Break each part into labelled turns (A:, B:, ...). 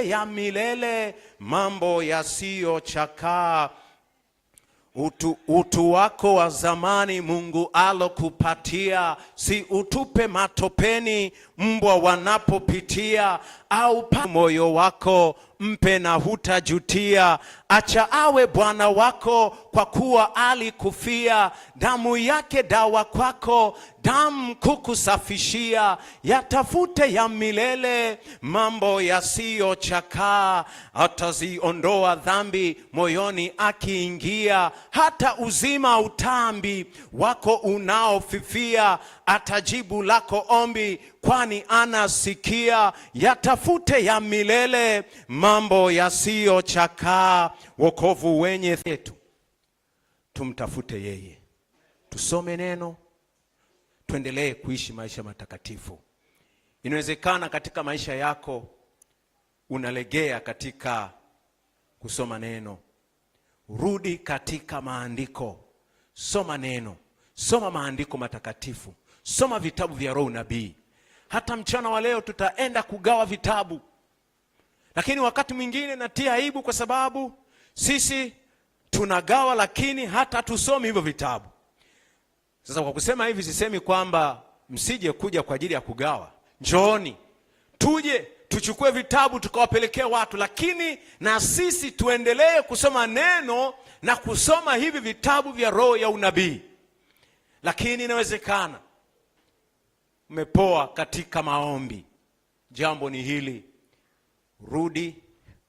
A: ya milele, mambo yasiyochakaa, utu, utu wako wa zamani Mungu alokupatia, si utupe matopeni mbwa wanapopitia, au moyo wako mpe na hutajutia. Acha awe Bwana wako, kwa kuwa alikufia. Damu yake dawa kwako, damu kukusafishia. Yatafute ya milele mambo yasiyochakaa, ataziondoa dhambi moyoni akiingia. Hata uzima utambi wako unaofifia, atajibu lako ombi kwani anasikia, yatafute ya milele mambo yasiyochakaa, wokovu wenye yetu. Tumtafute yeye, tusome neno, tuendelee kuishi maisha matakatifu. Inawezekana katika maisha yako unalegea katika kusoma neno. Rudi katika maandiko, soma neno, soma maandiko matakatifu, soma vitabu vya roho nabii hata mchana wa leo tutaenda kugawa vitabu, lakini wakati mwingine natia aibu kwa sababu sisi tunagawa, lakini hata tusomi hivyo vitabu. Sasa kwa kusema hivi, sisemi kwamba msije kuja kwa ajili ya kugawa. Njooni tuje tuchukue vitabu tukawapelekea watu, lakini na sisi tuendelee kusoma neno na kusoma hivi vitabu vya roho ya unabii, lakini inawezekana umepoa katika maombi, jambo ni hili: rudi,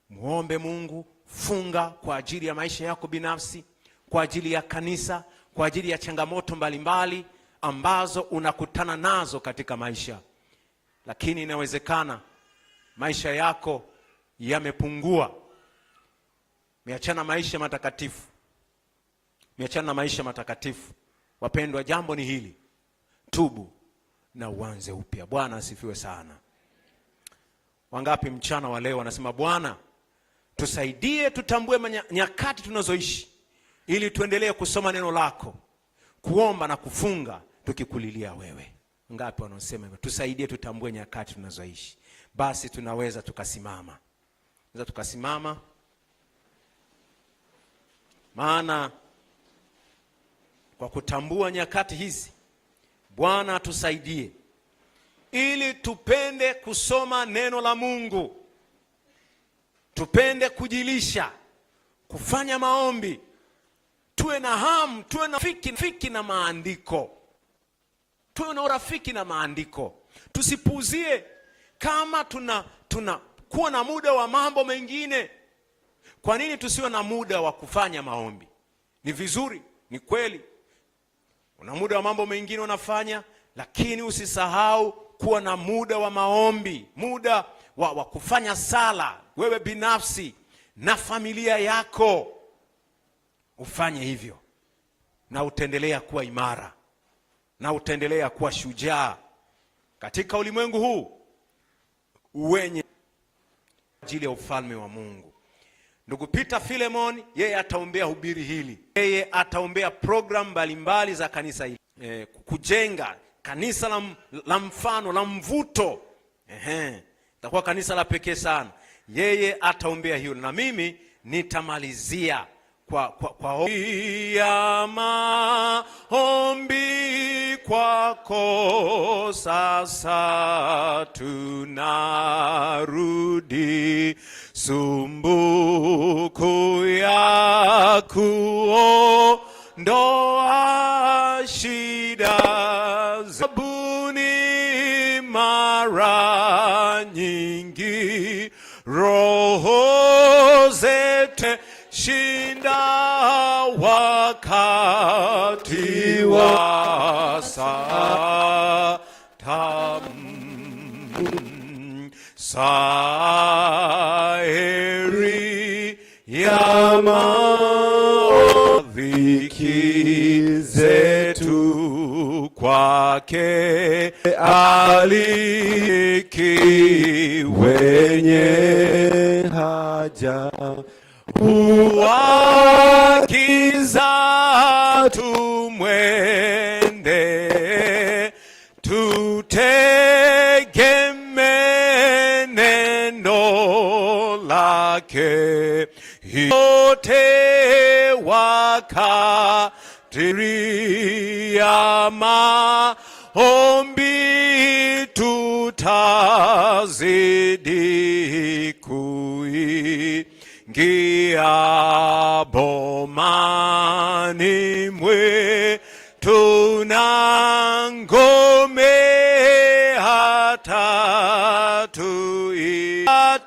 A: muombe Mungu, funga kwa ajili ya maisha yako binafsi, kwa ajili ya kanisa, kwa ajili ya changamoto mbalimbali mbali ambazo unakutana nazo katika maisha. Lakini inawezekana maisha yako yamepungua, miachana maisha matakatifu, miachana maisha matakatifu. Wapendwa, jambo ni hili: tubu na uanze upya. Bwana asifiwe sana. Wangapi mchana wa leo wanasema Bwana tusaidie, tutambue nyakati tunazoishi, ili tuendelee kusoma neno lako, kuomba na kufunga, tukikulilia wewe. Ngapi wanaosema hivyo? Tusaidie, tutambue nyakati tunazoishi. Basi tunaweza tukasimama, tunaweza tukasimama, maana kwa kutambua nyakati hizi Bwana atusaidie ili tupende kusoma neno la Mungu, tupende kujilisha, kufanya maombi, tuwe na hamu, tuwe na fiki, fiki na maandiko, tuwe na urafiki na maandiko. Tusipuuzie kama tuna kuwa na muda wa mambo mengine. Kwa nini tusiwe na muda wa kufanya maombi? Ni vizuri, ni kweli kuna muda wa mambo mengine unafanya, lakini usisahau kuwa na muda wa maombi, muda wa, wa kufanya sala wewe binafsi na familia yako. Ufanye hivyo na utaendelea kuwa imara na utaendelea kuwa shujaa katika ulimwengu huu wenye ajili ya ufalme wa Mungu. Ndugu Peter Philemon yeye ataombea hubiri hili, yeye ataombea programu mbalimbali za kanisa hili e, kujenga kanisa la, la mfano la mvuto. Ehe, itakuwa kanisa la pekee sana. Yeye ataombea hiyo, na mimi nitamalizia kwa, kwa, kwa ya maombi kwako sasa tunarudi, sumbuku ya kuondoa shida 유아사 담 사에리 야마 위키 제투 과케 알리키 wenye haja huwakiza tu
B: kadiri ya maombi tutazidi kuingia bomani mwetu na ngome hata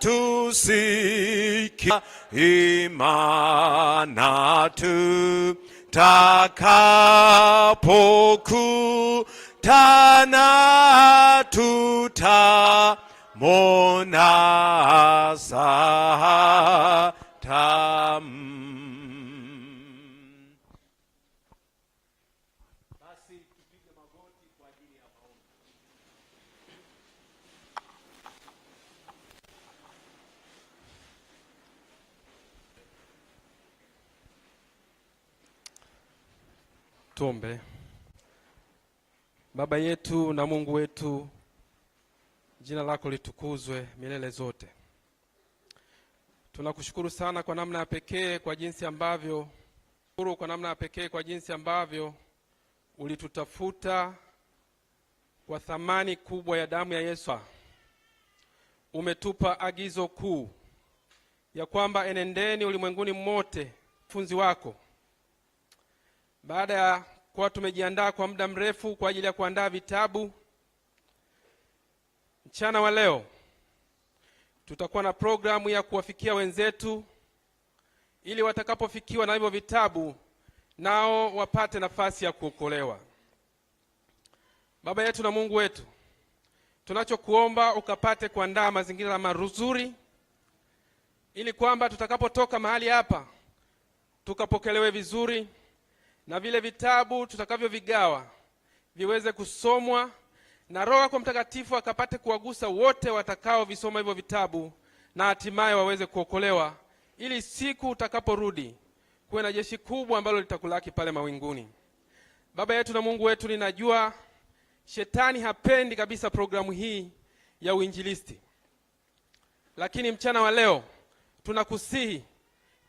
B: tusikia imana tutakapokutana tutamona saa tamu Tuombe. Baba yetu na Mungu wetu, jina lako litukuzwe milele zote. Tunakushukuru sana kwa namna ya pekee kwa jinsi ambavyo shukuru kwa namna ya pekee kwa jinsi ambavyo ulitutafuta kwa thamani kubwa ya damu ya Yesu. Umetupa agizo kuu ya kwamba enendeni ulimwenguni mote funzi wako baada ya kuwa tumejiandaa kwa muda mrefu kwa ajili ya kuandaa vitabu, mchana wa leo tutakuwa na programu ya kuwafikia wenzetu, ili watakapofikiwa na hivyo vitabu nao wapate nafasi ya kuokolewa. Baba yetu na Mungu wetu, tunachokuomba ukapate kuandaa mazingira mazuri, ili kwamba tutakapotoka mahali hapa tukapokelewe vizuri na vile vitabu tutakavyovigawa viweze kusomwa na Roho yako Mtakatifu akapate kuwagusa wote watakaovisoma hivyo vitabu na hatimaye waweze kuokolewa, ili siku utakaporudi kuwe na jeshi kubwa ambalo litakulaki pale mawinguni. Baba yetu na Mungu wetu, ninajua shetani hapendi kabisa programu hii ya uinjilisti, lakini mchana wa leo tunakusihi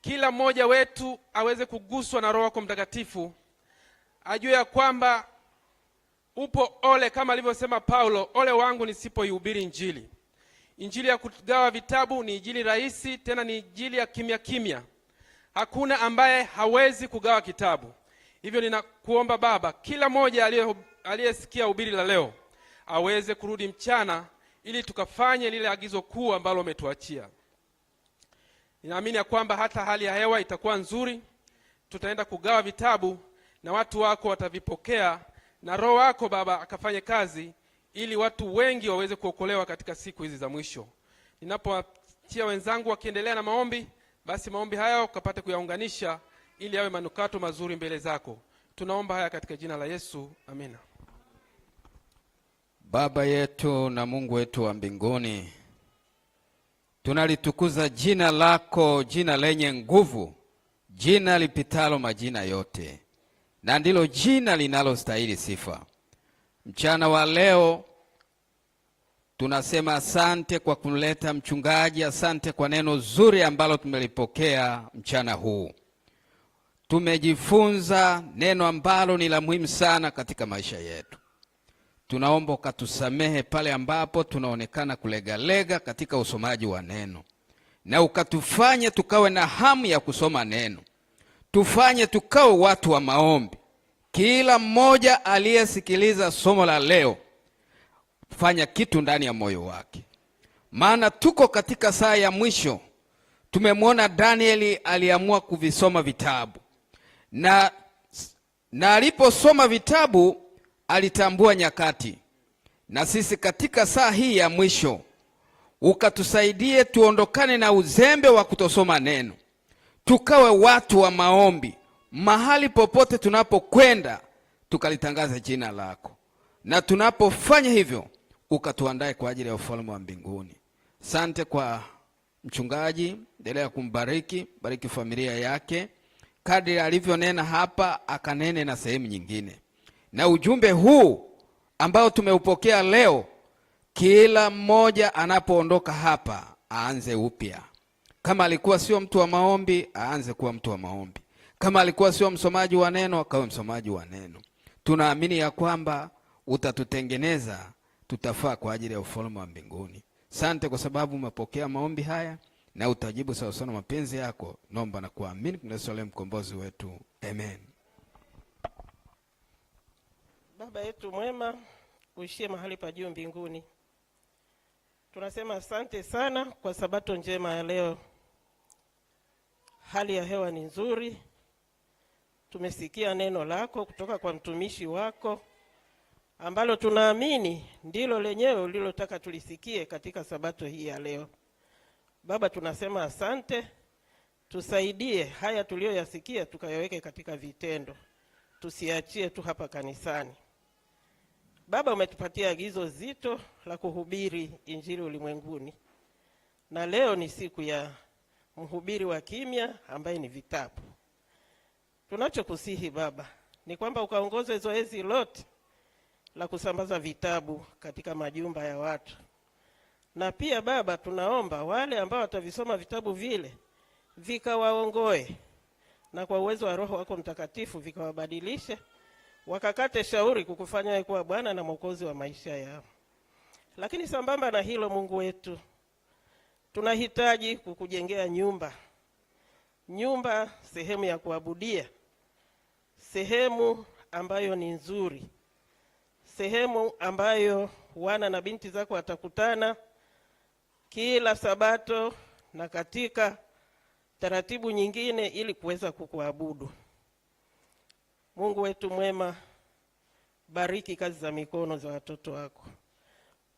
B: kila mmoja wetu aweze kuguswa na Roho yako Mtakatifu, ajue ya kwamba upo ole, kama alivyosema Paulo, ole wangu nisipoihubiri Injili. Injili ya kugawa vitabu ni injili rahisi, tena ni injili ya kimya kimya. Hakuna ambaye hawezi kugawa kitabu. Hivyo ninakuomba Baba, kila mmoja aliyesikia hubiri la leo aweze kurudi mchana, ili tukafanye lile agizo kuu ambalo umetuachia. Ninaamini ya kwamba hata hali ya hewa itakuwa nzuri, tutaenda kugawa vitabu na watu wako watavipokea, na Roho wako Baba akafanye kazi ili watu wengi waweze kuokolewa katika siku hizi za mwisho. Ninapoachia wenzangu wakiendelea na maombi, basi maombi hayo ukapate kuyaunganisha ili yawe manukato mazuri mbele zako. Tunaomba haya katika jina la Yesu, amina.
A: Baba yetu na Mungu wetu wa mbinguni tunalitukuza jina lako, jina lenye nguvu, jina lipitalo majina yote, na ndilo jina linalostahili sifa. Mchana wa leo tunasema asante kwa kumleta mchungaji, asante kwa neno zuri ambalo tumelipokea mchana huu. Tumejifunza neno ambalo ni la muhimu sana katika maisha yetu. Tunaomba ukatusamehe pale ambapo tunaonekana kulegalega katika usomaji wa neno, na ukatufanye tukawe na hamu ya kusoma neno, tufanye tukawe watu wa maombi. Kila mmoja aliyesikiliza somo la leo, fanya kitu ndani ya moyo wake, maana tuko katika saa ya mwisho. Tumemwona Danieli aliamua kuvisoma vitabu na, na aliposoma vitabu alitambua nyakati, na sisi katika saa hii ya mwisho ukatusaidie tuondokane na uzembe wa kutosoma neno, tukawe watu wa maombi mahali popote tunapokwenda, tukalitangaza jina lako, na tunapofanya hivyo ukatuandae kwa ajili ya ufalme wa mbinguni. Sante kwa mchungaji, endelea kumbariki, bariki familia yake kadri alivyonena hapa, akanene na sehemu nyingine. Na ujumbe huu ambao tumeupokea leo, kila mmoja anapoondoka hapa aanze upya. Kama alikuwa sio mtu wa maombi, aanze kuwa mtu wa maombi. Kama alikuwa sio msomaji wa neno, akawe msomaji wa neno. Tunaamini ya kwamba utatutengeneza, tutafaa kwa ajili ya ufalme wa mbinguni. Sante kwa sababu umepokea maombi haya na utajibu sawasawa na mapenzi yako. Naomba na kuamini Yesu aliye mkombozi wetu, amen.
B: Baba yetu mwema uishie mahali pa juu mbinguni, tunasema asante sana kwa sabato njema ya leo. Hali ya hewa ni nzuri, tumesikia neno lako kutoka kwa mtumishi wako ambalo tunaamini ndilo lenyewe ulilotaka tulisikie katika sabato hii ya leo. Baba, tunasema asante, tusaidie haya tuliyoyasikia tukayaweke katika vitendo, tusiachie tu hapa kanisani. Baba, umetupatia agizo zito la kuhubiri injili ulimwenguni, na leo ni siku ya mhubiri wa kimya ambaye ni vitabu. Tunachokusihi Baba ni kwamba ukaongoze zoezi lote la kusambaza vitabu katika majumba ya watu, na pia Baba, tunaomba wale ambao watavisoma vitabu vile vikawaongoe, na kwa uwezo wa Roho wako Mtakatifu vikawabadilishe wakakate shauri kukufanya kuwa Bwana na Mwokozi wa maisha yao. Lakini sambamba na hilo, Mungu wetu, tunahitaji kukujengea nyumba, nyumba, sehemu ya kuabudia, sehemu ambayo ni nzuri, sehemu ambayo wana na binti zako watakutana kila Sabato na katika taratibu nyingine ili kuweza kukuabudu. Mungu wetu mwema, bariki kazi za mikono za watoto wako.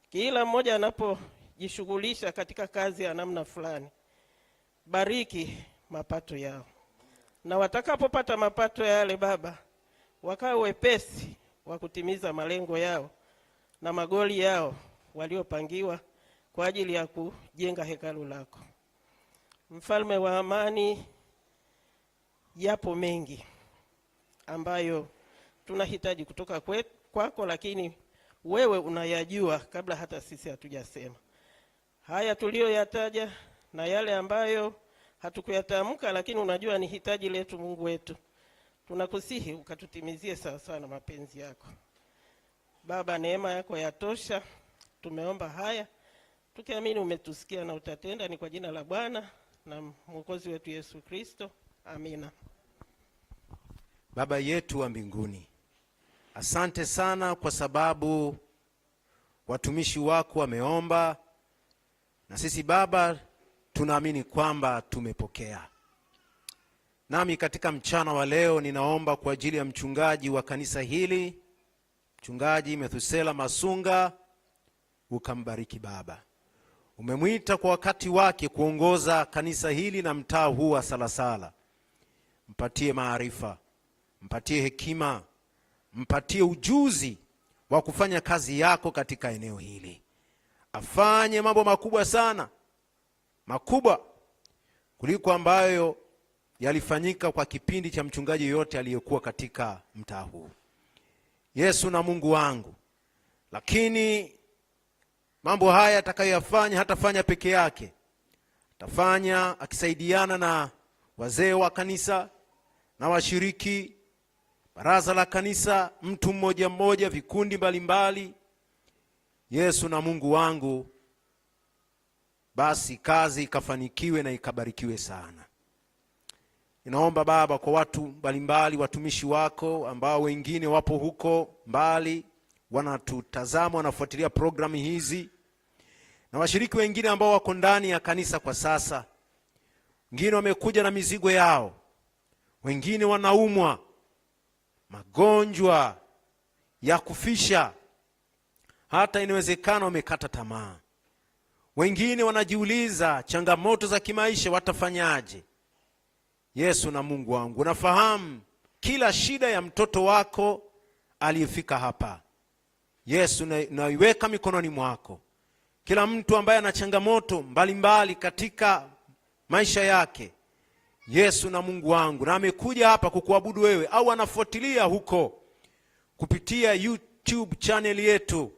B: Kila mmoja anapojishughulisha katika kazi ya namna fulani, bariki mapato yao, na watakapopata mapato yale, Baba, wakawe wepesi wa kutimiza malengo yao na magoli yao waliopangiwa kwa ajili ya kujenga hekalu lako. Mfalme wa amani, yapo mengi ambayo tunahitaji kutoka kwe, kwako, lakini wewe unayajua kabla hata sisi hatujasema. Haya tuliyoyataja na yale ambayo hatukuyatamka, lakini unajua ni hitaji letu, Mungu wetu, tunakusihi ukatutimizie sawasawa na mapenzi yako. Baba, neema yako yatosha. Tumeomba haya tukiamini umetusikia na utatenda. Ni kwa jina la Bwana na Mwokozi wetu Yesu Kristo, amina.
A: Baba yetu wa mbinguni, asante sana kwa sababu watumishi wako wameomba, na sisi Baba tunaamini kwamba tumepokea. Nami katika mchana wa leo ninaomba kwa ajili ya mchungaji wa kanisa hili, Mchungaji Methusela Masunga, ukambariki Baba. Umemwita kwa wakati wake kuongoza kanisa hili na mtaa huu wa Salasala, mpatie maarifa mpatie hekima, mpatie ujuzi wa kufanya kazi yako katika eneo hili. Afanye mambo makubwa sana, makubwa kuliko ambayo yalifanyika kwa kipindi cha mchungaji yoyote aliyekuwa katika mtaa huu. Yesu na Mungu wangu, lakini mambo haya atakayoyafanya hatafanya peke yake, atafanya akisaidiana na wazee wa kanisa na washiriki baraza la kanisa, mtu mmoja mmoja, vikundi mbalimbali. Yesu na Mungu wangu, basi kazi ikafanikiwe na ikabarikiwe sana. Ninaomba Baba kwa watu mbalimbali, watumishi wako ambao wengine wapo huko mbali wanatutazama, wanafuatilia programu hizi na washiriki wengine ambao wako ndani ya kanisa kwa sasa, wengine wamekuja na mizigo yao, wengine wanaumwa magonjwa ya kufisha, hata inawezekana wamekata tamaa. Wengine wanajiuliza changamoto za kimaisha watafanyaje? Yesu na Mungu wangu, unafahamu kila shida ya mtoto wako aliyefika hapa. Yesu, naiweka mikononi mwako. Kila mtu ambaye ana changamoto mbalimbali katika maisha yake Yesu na Mungu wangu, na amekuja hapa kukuabudu wewe, au anafuatilia huko kupitia YouTube channel yetu.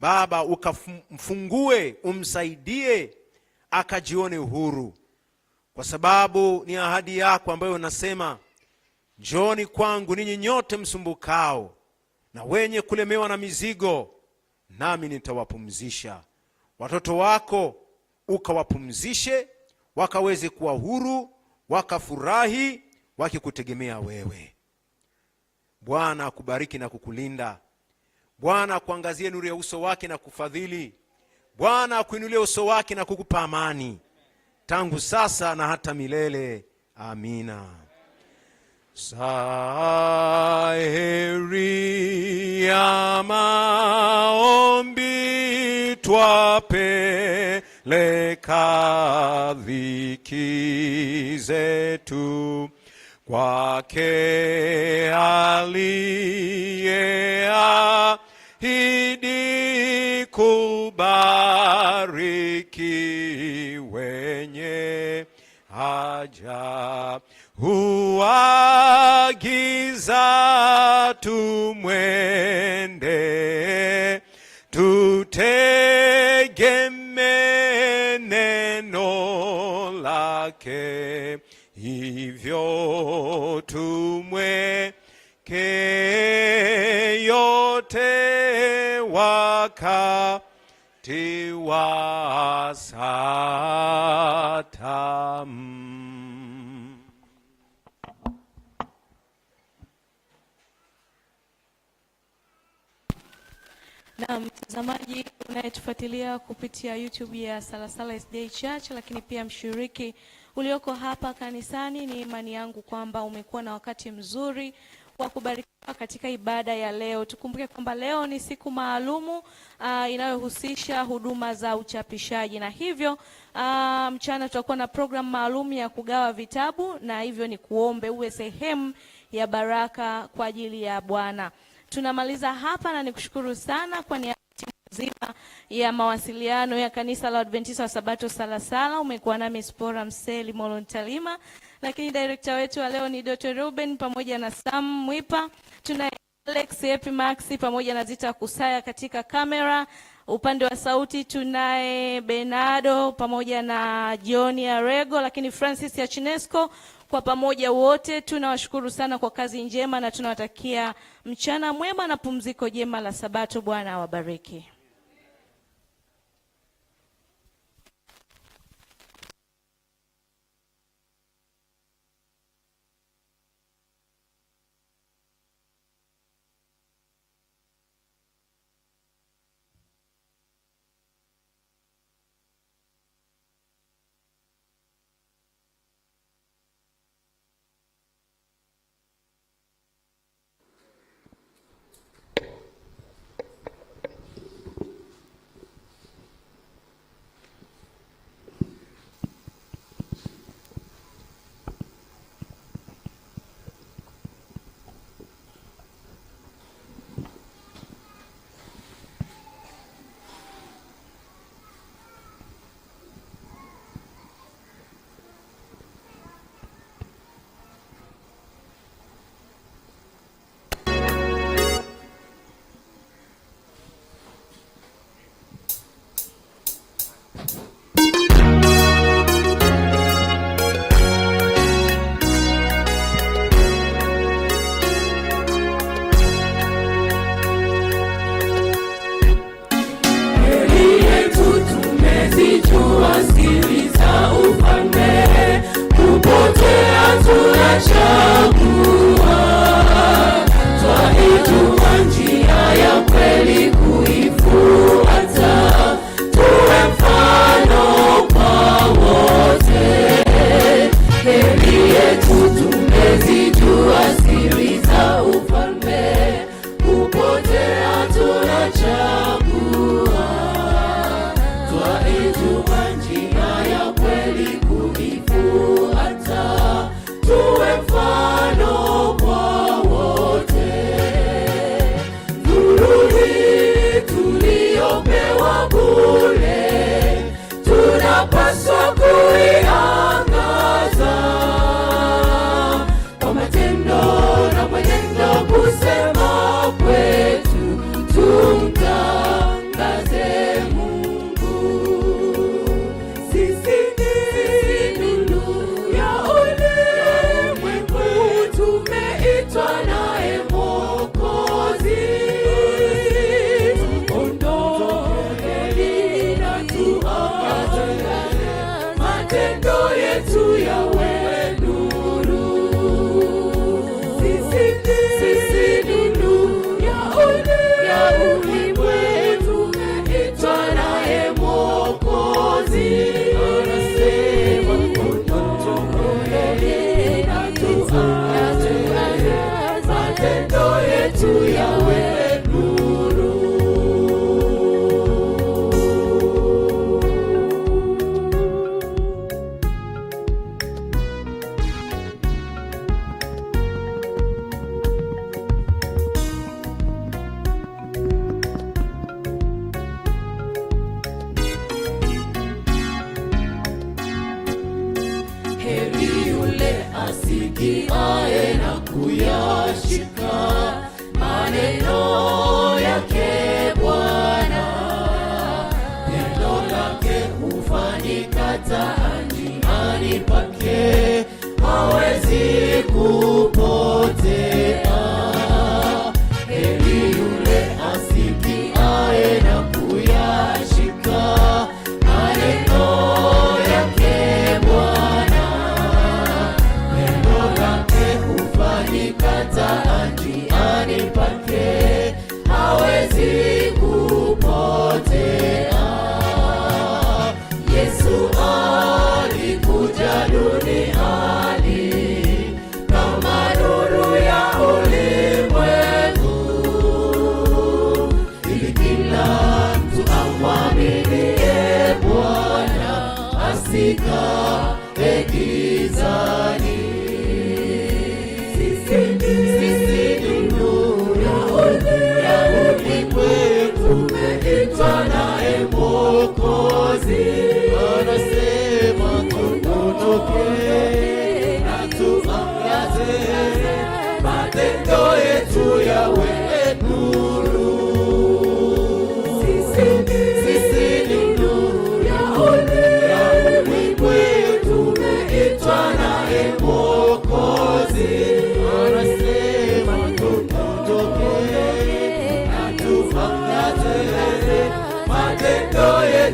A: Baba, ukamfungue umsaidie, akajione uhuru, kwa sababu ni ahadi yako ambayo unasema, njooni kwangu ninyi nyote msumbukao na wenye kulemewa na mizigo, nami nitawapumzisha. Watoto wako ukawapumzishe, wakaweze kuwa huru wakafurahi wakikutegemea wewe. Bwana akubariki na kukulinda. Bwana akuangazie nuru ya uso wake na kufadhili. Bwana akuinulie uso wake na kukupa amani, tangu sasa na hata milele. Amina. Saheri ya maombi twape leka dhiki zetu kwake aliyeahidi kubariki wenye haja, huagiza tumwende tute wake, hivyo ke yote wakati wa satamu.
C: Na mtazamaji unayetufuatilia kupitia YouTube ya Salasala SDA Church, lakini pia mshiriki ulioko hapa kanisani, ni imani yangu kwamba umekuwa na wakati mzuri wa kubarikiwa katika ibada ya leo. Tukumbuke kwamba leo ni siku maalumu uh, inayohusisha huduma za uchapishaji na hivyo uh, mchana tutakuwa na programu maalum ya kugawa vitabu, na hivyo ni kuombe uwe sehemu ya baraka kwa ajili ya Bwana tunamaliza hapa, na nikushukuru sana kwa niaba zima ya mawasiliano ya kanisa la Adventista wa Sabato Salasala. Umekuwa nami Spora Mseli Molontalima, lakini direkta wetu wa leo ni Dr. Ruben pamoja na Sam Mwipa. Tuna Alex Epi Maxi pamoja na Zita Kusaya katika kamera. Upande wa sauti tunaye Bernardo pamoja na John Arego, lakini Francis yachinesco kwa pamoja wote tunawashukuru sana kwa kazi njema na tunawatakia mchana mwema na pumziko jema la Sabato. Bwana awabariki.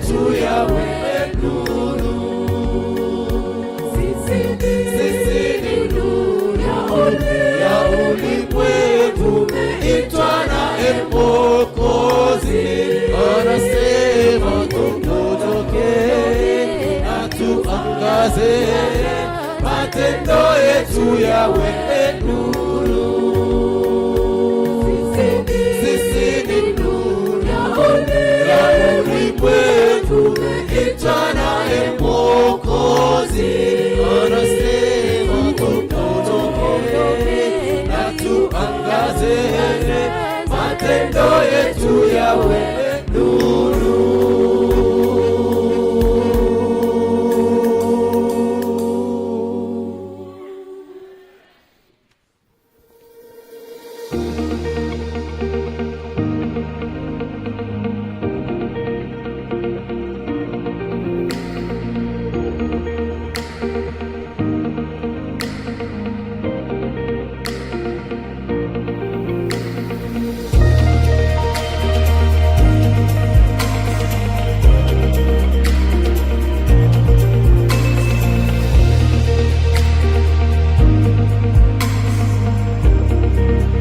C: juu ya wenu mapendo yetu yawe nuru